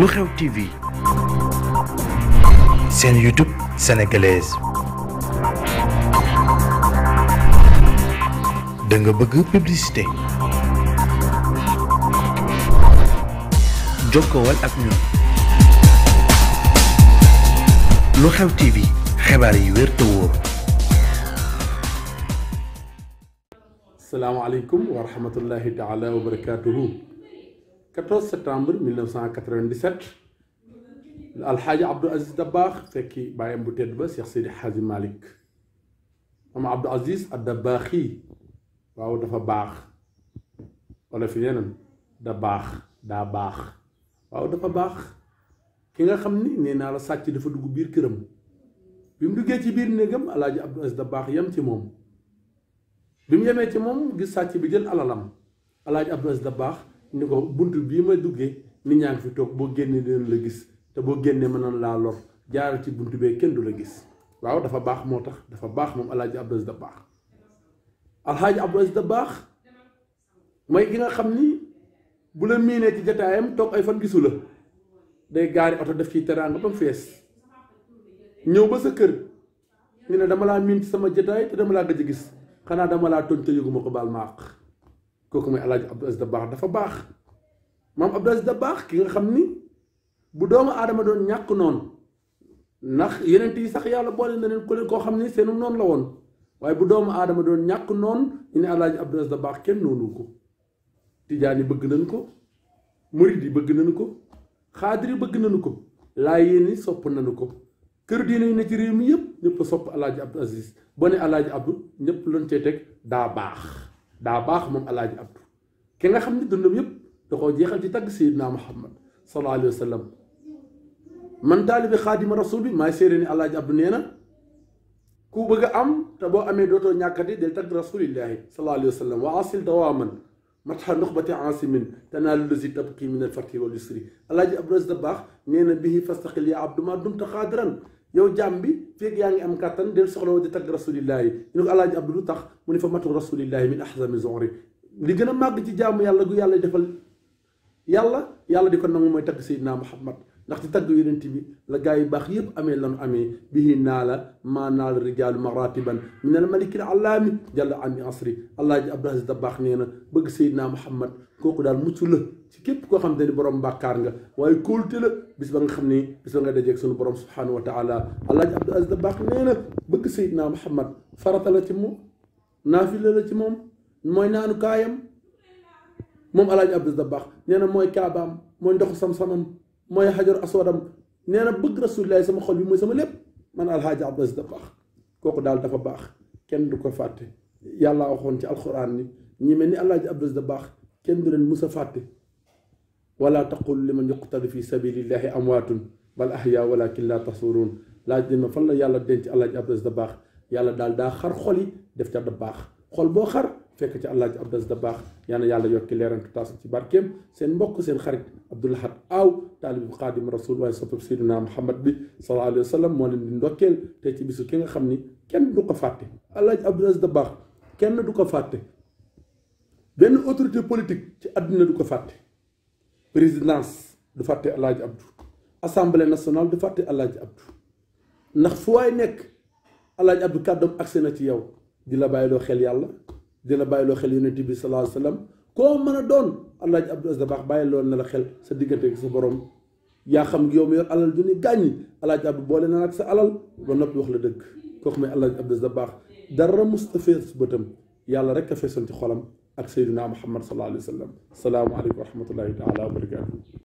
lu TV seen YouTube sénégalaise da nga bëgg publicité jokkowal ak ñun lu xew TV xibaar yi wér te wóor. salaamaaleykum wa taala wa 14 septembre 1997 alxaaji Abdou Aziz baax fekki bàyyam bu tedd ba Cheikh Seydi Hadji Malick moom Abdou Aziz ak baax yi waaw dafa baax wala fi yeneen da baax daa baax waaw dafa baax ki nga xam ni nee naa la sàcc dafa dugg biir këram bi mu duggee ci biir néegam alaaji Abdou Aziz baax yem ci moom bi mu yamee ci moom gis sàcc bi jël alalam alaaji Abdou Aziz baax ni ko bunt bii ma duggee nit ñaa ngi fi toog boo génnee dinañ la gis te boo génnee mën nañ laa lor jaaral ci bunt bee kenn du la gis waaw dafa baax moo tax dafa baax moom alaaji Abdou da baax alaaji Abdou Aziz baax mooy ki nga xam ni bu la miinee ci jataayam toog ay fan gisu la day gaari oto def ciy teraanga ba mu fees ñëw ba sa kër ñu ne dama laa miin ci sama jataay te dama laa gëj a gis xanaa dama laa tooñ te yëguma ko baal ma àq kooku mooy El Hadj Abdou Aziz Dabakh dafa baax maam Abdou Aziz baax ki nga xam ni bu doomu aadama doon ñàkk noon ndax yeneen yi sax yàlla boole na leen ku leen koo xam ni seenu noonu la woon waaye bu doomu aadama doon ñàkk noon ñu ne El Hadj Abdou Aziz Dabakh kenn noonu ko tijaan yi bëgg nañ ko murid yi bëgg nañu ko xaadir yi bëgg nañu ko laayeen yi sopp nañu ko kër diine yi ne ci réew mi yëpp ñëpp sopp El Hadj Abdou Aziz boo ñëpp lañ cee teg daa baax. daa baax moom alaaji abdu ki nga xam ne dundam yëpp da jeexal ci tagg sayidna muhammad sallallahu alayhi wa sallam man taalibi xaadima rasul bi maay séeré ni alaaji abdu nee na ku bëgg am te boo amee dootoo ñàkkati del tagg rasulillahi sallallahu alayhi wa sallam wa asil dawaaman matxa nuxbati aasimin tanaalu lasi tabki min alfarti wal yusri alaaji abdu aziz da baax nee na bihi fastaqil yaa abdu ma dumta xaadiran yow jàmm bi feeg yaa ngi am kàttan del soxla di tagg rasulillahi ñu ko alaaji abdu lu tax mu ne fa matu rasulillahi min ahzami zonri li gën a màgg ci jaamu yàlla gu yàlla defal yàlla yàlla di ko nangu mooy tagg sayyidina muhammad ndax ci tagg yonent bi la gaa yu baax yëpp amee lanu amee bihi naa la maa naal rijaalu maratiban min al malikil allaami jàll ami asri allaaji abdul aziz baax nee na bëgg seydinaa muhammad kooku daal mucc la ci képp koo xam te ni borom bàkkaar nga waaye kóolute la bis ba nga xam ni bis ba nga dajeeg sunu borom subhaanahu wa taala allaaji abdul aziz dabaax nee na bëgg seydinaa muhammad farata la ci moom naafila la moom mooy naanu kaayam moom allaaji abdul aziz baax nee mooy kaabaam mooy ndoxu sam-samam mooy xajar aswadam nee na bëgg rasulillahi sama xol bi mooy sama lépp man alxaaji Abdou da baax kooku daal dafa baax kenn du ko fàtte yàlla waxoon ci alxuraan ni ñi mel ni alxaaji Abdou Aziz baax kenn du leen mus a fàtte wala taqul liman yuqtalu fi sabilillahi amwaatun bal ahyaa walakin laa tasuruun laaj dina fan la yàlla denc alxaaji Abdou Aziz baax yàlla daal daa xar xol yi def ca Dabakh xol boo xar fekk ci àllaaji abdas da baax yal na yàlla yokki leerantu taas ci barkeem seen mbokk seen xarit abdoulahat aaw taalib xaadim rasul waaye soppab sayduna muhammad bi sallallahu alayhi wa moo leen di ndokkeel te ci bisu ki nga xam ni kenn du ko fàtte àllaaji abdas da baax kenn du ko fàtte benn autorité politique ci àdduna du ko fàtte présidence du fàtte àllaaji abdou assemblée nationale du fàtte àllaaji abdou ndax fu waay nekk àllaaji abdou kàddoom agsi na ci yow di la loo xel yàlla dina bàyyiloo xel yonent bi sallallahu alayhi wa sallam koo mën a doon alaaji Abdou Aziz Dabakh bàyyi loon na la xel sa diggante ak sa borom yaa xam yow mi yor alal ju ni gàññ alaaji Abdou boole na nag sa alal ba noppi wax la dëgg kooku may alaaji Abdou Aziz Dabakh dara mustafee su bëtam yàlla rek a feesoon ci xolam ak sayyiduna Muhammad sallallahu alayhi wa sallam salaamu aleykum wa rahmatullahi taala wa barakaatu